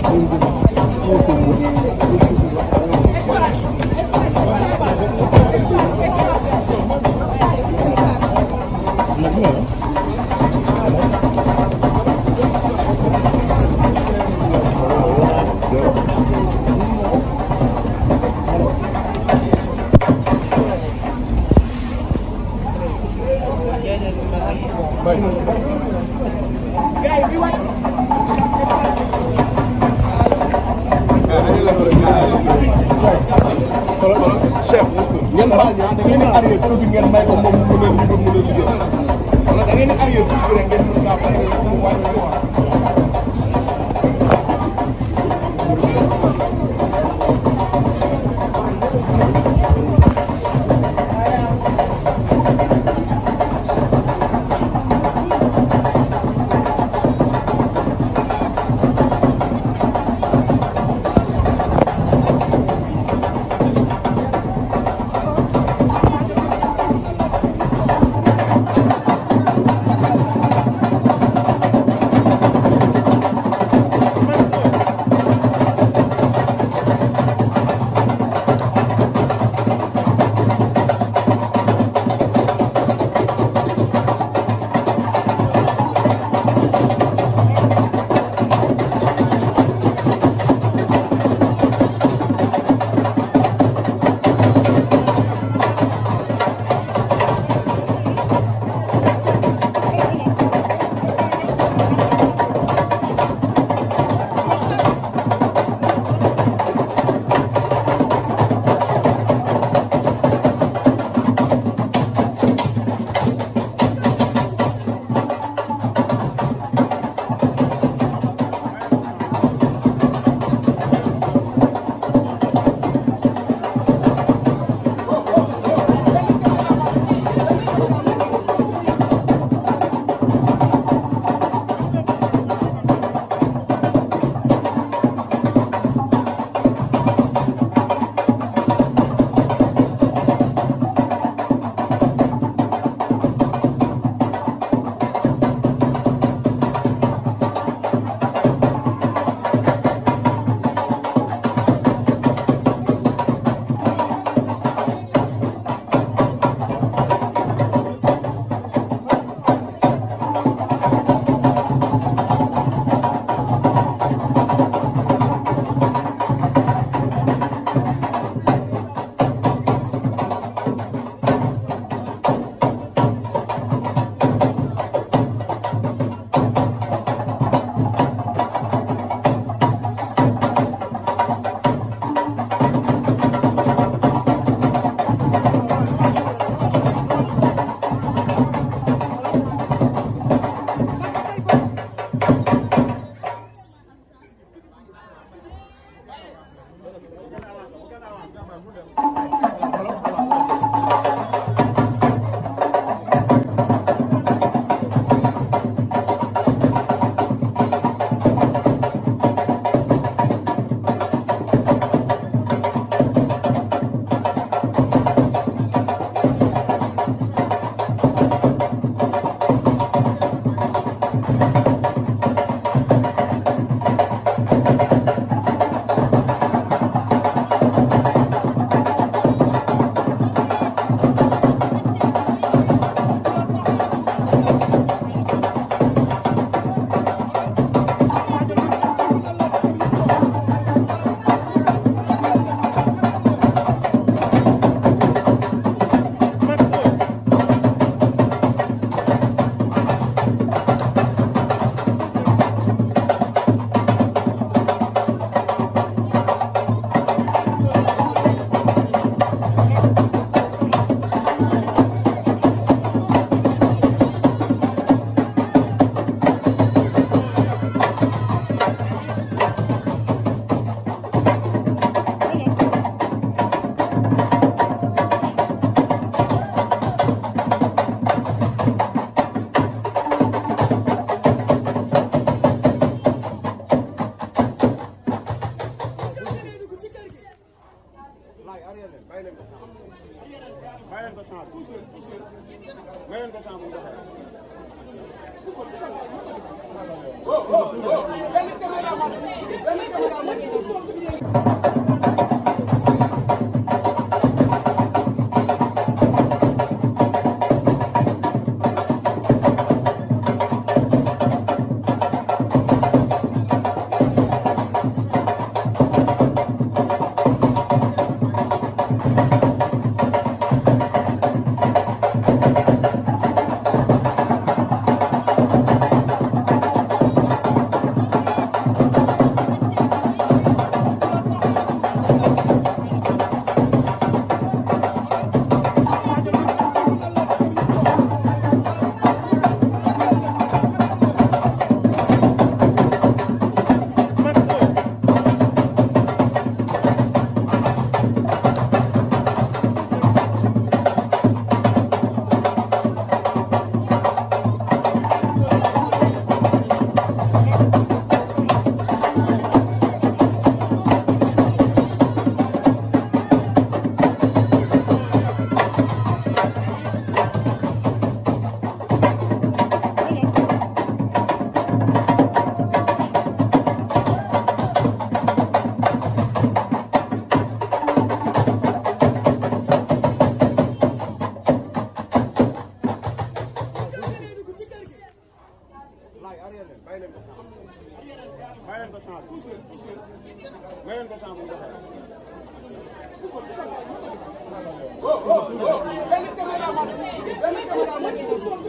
Thank you. chef ngeen baal ñu da ngeen di arrière tur bi ngeen may ko moom mu mën a libre mën a liggéey wala da ngeen di arrière tur bi rek ngeen mën kaa pare wàññi ko laaj arrière leen bàyyi leen ko chance bàyyi leen ko chance pousseur arrière leen bàyyi leen ko. bàyyi leen ko champs bi. pousseur pousseur. bàyyi leen ko champs bu mu defar. benn caméra benn caméra